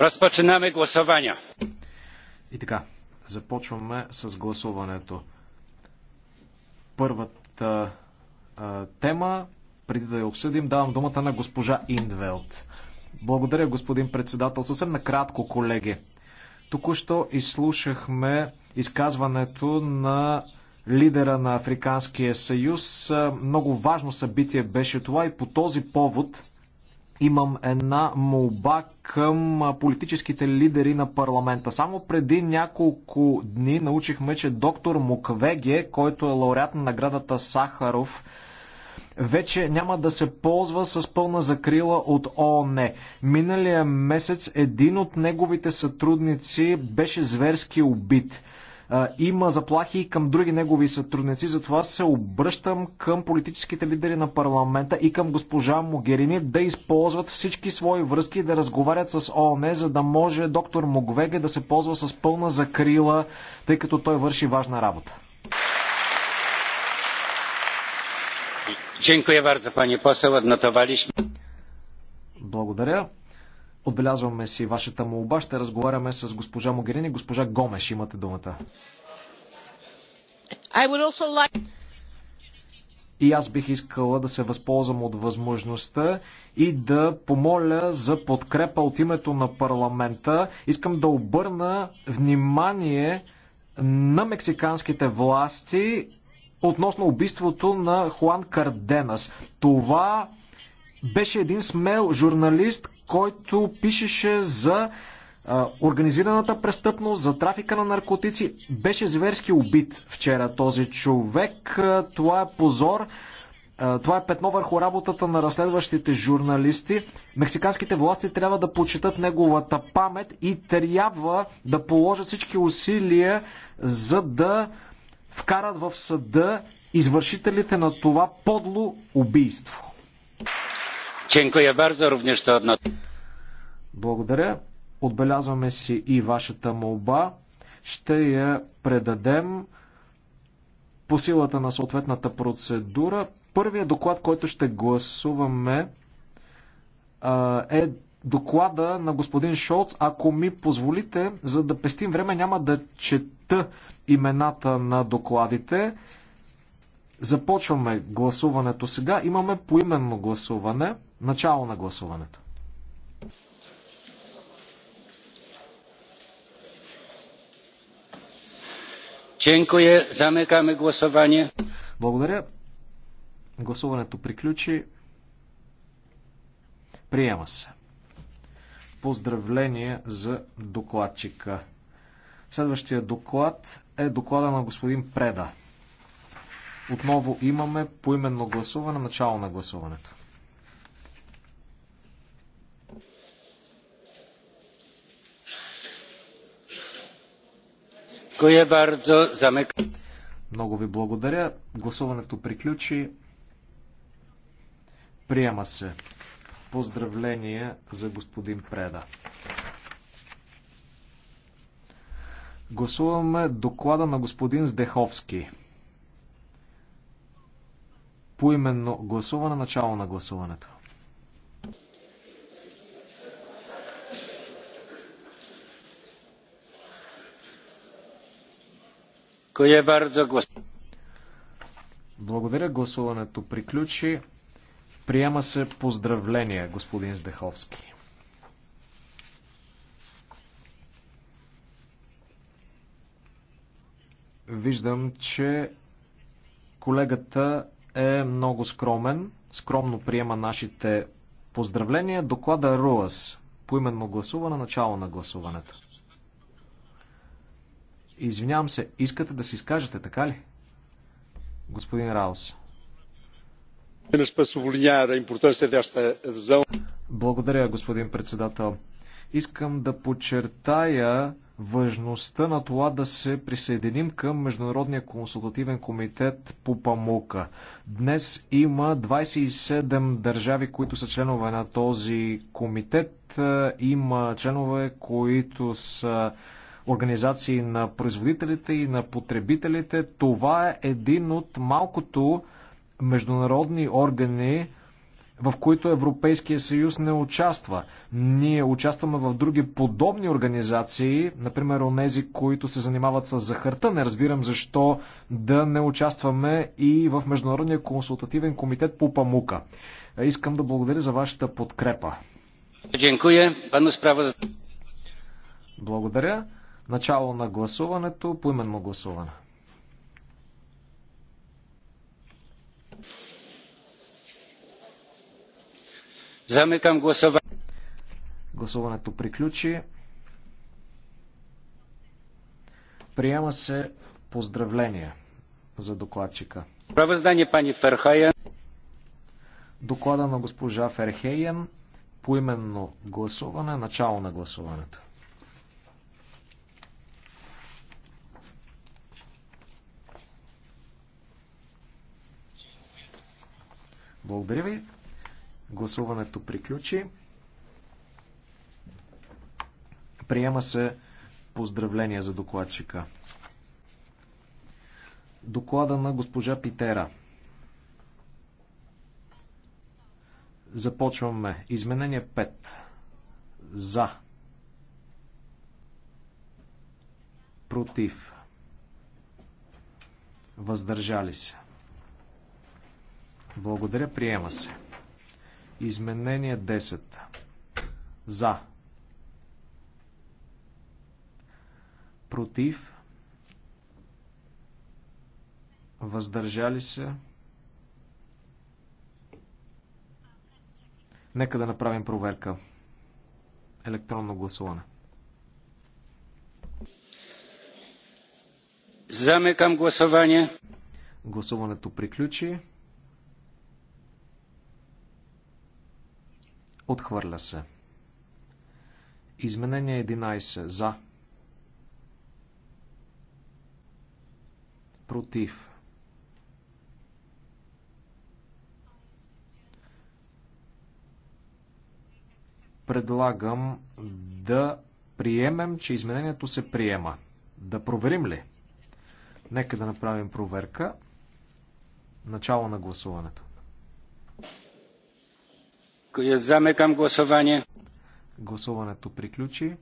Разпочинаме гласования. И така, започваме с гласуването. Първата а, тема, преди да я обсъдим, давам думата на госпожа Индвелт. Благодаря, господин председател. Съвсем накратко, колеги. Току-що изслушахме изказването на лидера на Африканския съюз. Много важно събитие беше това и по този повод имам една молба към политическите лидери на парламента. Само преди няколко дни научихме, че доктор Муквеге, който е лауреат на наградата Сахаров, вече няма да се ползва с пълна закрила от ООН. Миналия месец един от неговите сътрудници беше зверски убит има заплахи и към други негови сътрудници. Затова се обръщам към политическите лидери на парламента и към госпожа Могерини да използват всички свои връзки и да разговарят с ООН, за да може доктор Мугвеге да се ползва с пълна закрила, тъй като той върши важна работа. Благодаря. Отбелязваме си вашата молба. Ще разговаряме с госпожа Могерини. Госпожа Гомеш, имате думата. Like... И аз бих искала да се възползвам от възможността и да помоля за подкрепа от името на парламента. Искам да обърна внимание на мексиканските власти относно убийството на Хуан Карденас. Това беше един смел журналист, който пишеше за организираната престъпност, за трафика на наркотици. Беше зверски убит вчера този човек. Това е позор. Това е петно върху работата на разследващите журналисти. Мексиканските власти трябва да почитат неговата памет и трябва да положат всички усилия, за да вкарат в съда извършителите на това подло убийство. Благодаря. Отбелязваме си и вашата молба. Ще я предадем по силата на съответната процедура. Първият доклад, който ще гласуваме е доклада на господин Шолц. Ако ми позволите, за да пестим време, няма да чета имената на докладите. Започваме гласуването сега. Имаме поименно гласуване. Начало на гласуването. Dziękuję. Zamykamy гласуване. Благодаря. Гласуването приключи. Приема се. Поздравление за докладчика. Следващия доклад е доклада на господин Преда. Отново имаме поименно гласуване, начало на гласуването. Много ви благодаря. Гласуването приключи. Приема се. Поздравление за господин Преда. Гласуваме доклада на господин Здеховски. Поименно гласуване, начало на гласуването. Благодаря, гласуването приключи. Приема се поздравление, господин Здеховски. Виждам, че колегата е много скромен, скромно приема нашите поздравления. Доклада е РУАС, поименно гласуване, начало на гласуването. Извинявам се, искате да се изкажете, така ли? Господин Раус. Благодаря, господин председател. Искам да подчертая важността на това да се присъединим към Международния консултативен комитет по памука. Днес има 27 държави, които са членове на този комитет. Има членове, които са организации на производителите и на потребителите. Това е един от малкото международни органи, в които Европейския съюз не участва. Ние участваме в други подобни организации, например онези, които се занимават с захарта. Не разбирам защо да не участваме и в Международния консултативен комитет по памука. Искам да благодаря за вашата подкрепа. Благодаря. Начало на гласуването, поименно гласуване. Замикам гласуване. Гласуването приключи. Приема се поздравление за докладчика. Правоздание пани Ферхайен. Доклада на госпожа Ферхейен. Поименно гласуване. Начало на гласуването. Благодаря ви. Гласуването приключи. Приема се поздравление за докладчика. Доклада на госпожа Питера. Започваме. Изменение 5. За. Против. Въздържали се. Благодаря, приема се. Изменение 10. За. Против. Въздържали се. Нека да направим проверка. Електронно гласуване. Замекам гласуване. Гласуването приключи. Отхвърля се. Изменение 11. За. Против. Предлагам да приемем, че изменението се приема. Да проверим ли? Нека да направим проверка. Начало на гласуването. Замекам гласование. Гласуването приключи.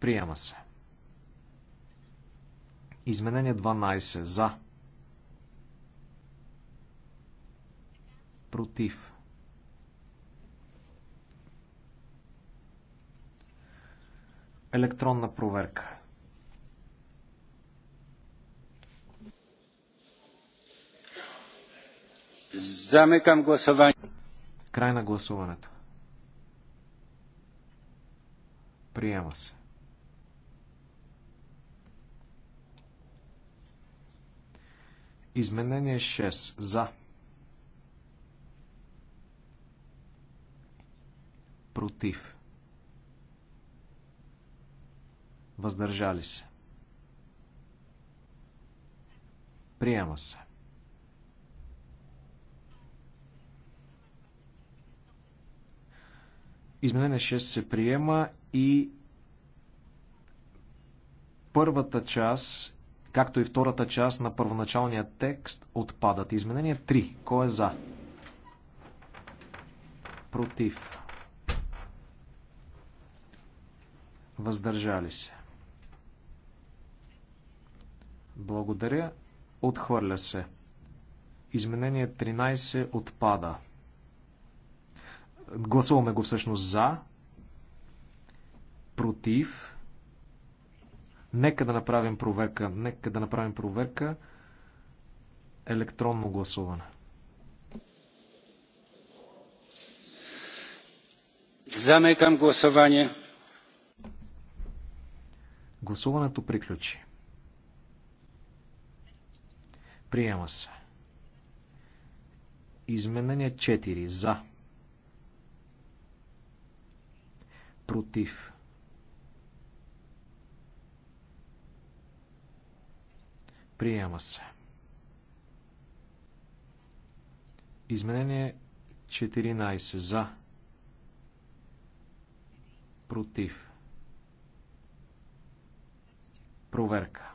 Приема се. Изменение 12. За. Против. Електронна проверка. Замекам гласуване. Край на гласуването. Приема се. Изменение 6. За. Против. Въздържали се. Приема се. Изменение 6 се приема и първата част, както и втората част на първоначалния текст отпадат. Изменение 3. Кой е за? Против. Въздържали се. Благодаря. Отхвърля се. Изменение 13 отпада. Гласуваме го всъщност за. Против. Нека да направим проверка. Нека да направим проверка. Електронно гласуване. Замекам гласуване. Гласуването приключи. Приема се. Изменение 4. За. против. Приема се. Изменение 14 за. Против. Проверка.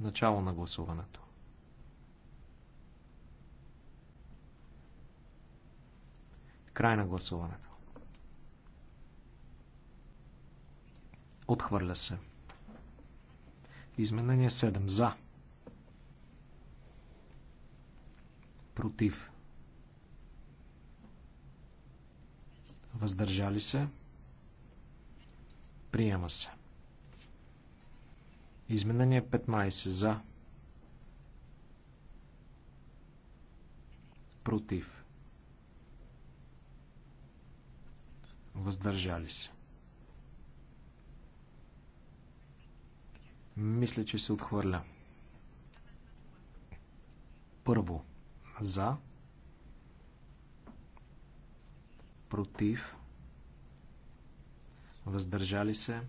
Начало на гласуването. Край на гласуването. Отхвърля се. Изменение 7. За. Против. Въздържали се. Приема се. Изменение 15. За. Против. Въздържали се. Мисля, че се отхвърля. Първо. За. Против. Въздържали се.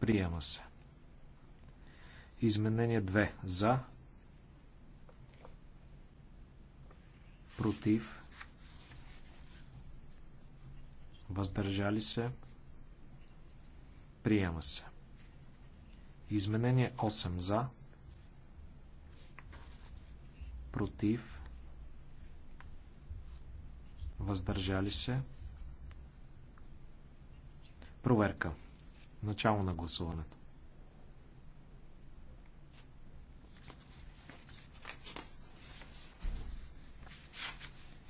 Приема се. Изменение 2. За. Против. Въздържали се. Приема се. Изменение 8 за. Против. Въздържали се. Проверка. Начало на гласуването.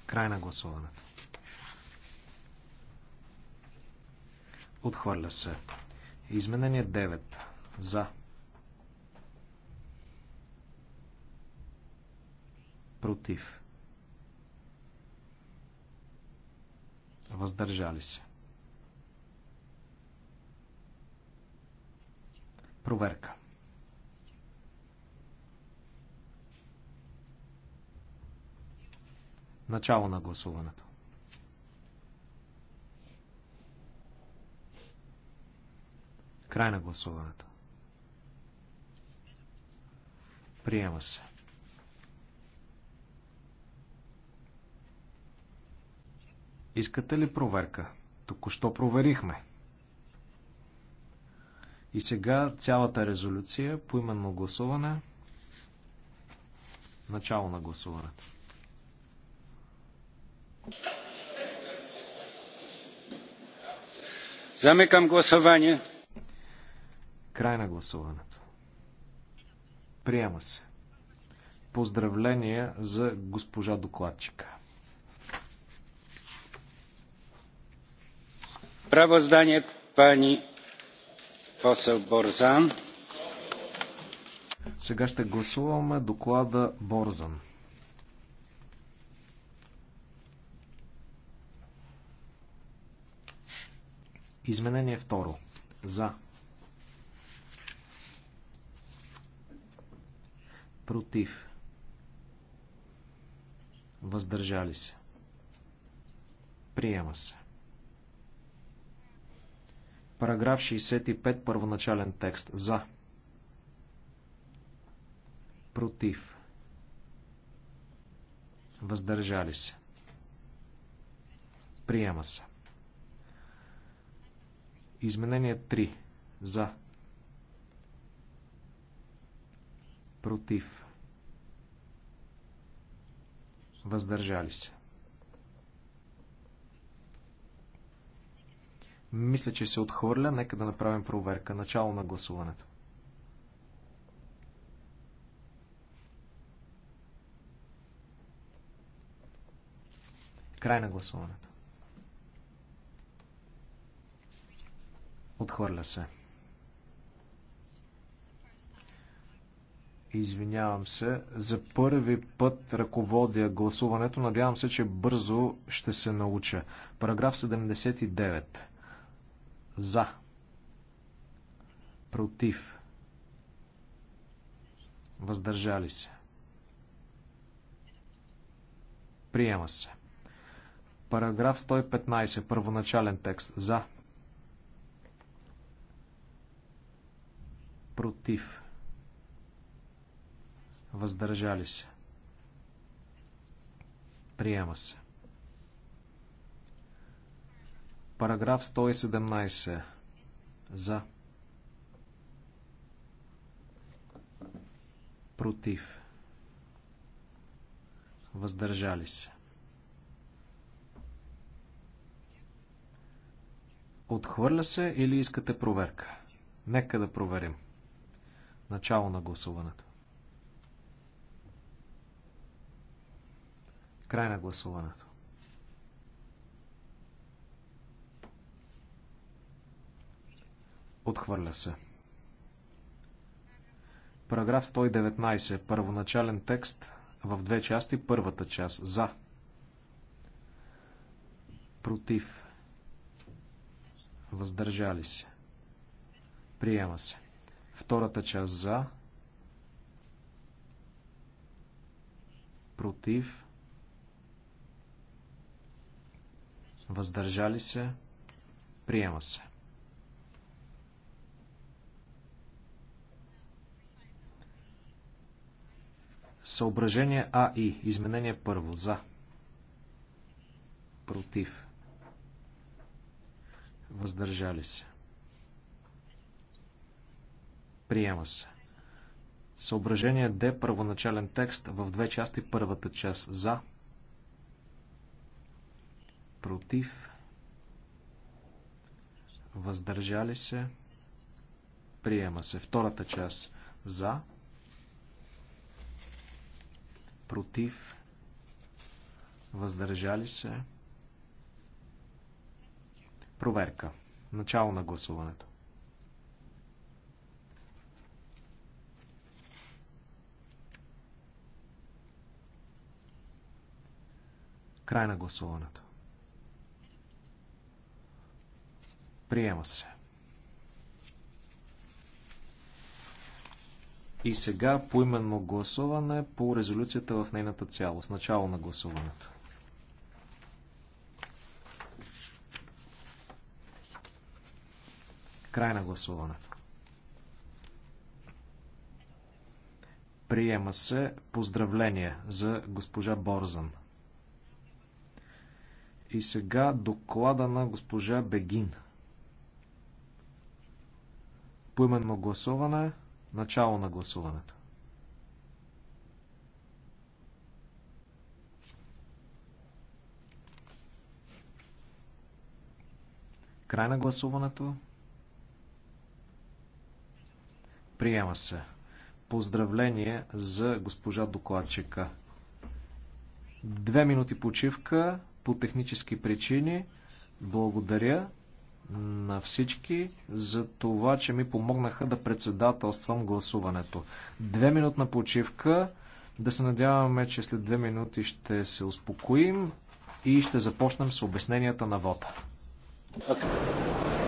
Край на гласуването. Отхвърля се. Изменение 9. За. Против. Въздържали се. Проверка. Начало на гласуването. Край на гласуването. Приема се. Искате ли проверка? Току-що проверихме. И сега цялата резолюция по именно гласуване. Начало на гласуването. Замекам гласуване. Край на гласуването. Приема се. Поздравления за госпожа докладчика. Право здание пани посъл Борзан. Сега ще гласуваме доклада Борзан. Изменение второ. За. против, въздържали се, приема се. Параграф 65, първоначален текст. За. Против. Въздържали се. Приема се. Изменение 3. За. против, въздържали се. Мисля, че се отхвърля. Нека да направим проверка. Начало на гласуването. Край на гласуването. Отхвърля се. извинявам се. За първи път ръководя гласуването. Надявам се, че бързо ще се науча. Параграф 79. За. Против. Въздържали се. Приема се. Параграф 115. Първоначален текст. За. Против Въздържали се. Приема се. Параграф 117. За. Против. Въздържали се. Отхвърля се или искате проверка? Нека да проверим. Начало на гласуването. Край на гласуването. Отхвърля се. Параграф 119. Първоначален текст в две части. Първата част. За. Против. Въздържали се. Приема се. Втората част. За. Против. въздържали се, приема се. Съображение А и. Изменение първо. За. Против. Въздържали се. Приема се. Съображение Д. Първоначален текст в две части. Първата част. За против, въздържали се, приема се. Втората част за, против, въздържали се, проверка. Начало на гласуването. Край на гласуването. Приема се. И сега поименно гласуване по резолюцията в нейната цялост. Начало на гласуването. Край на гласуването. Приема се поздравление за госпожа Борзан. И сега доклада на госпожа Бегин. Поименно гласуване. Начало на гласуването. Край на гласуването. Приема се. Поздравление за госпожа докладчика. Две минути почивка по технически причини. Благодаря на всички за това, че ми помогнаха да председателствам гласуването. Две минутна почивка. Да се надяваме, че след две минути ще се успокоим и ще започнем с обясненията на вода. Okay.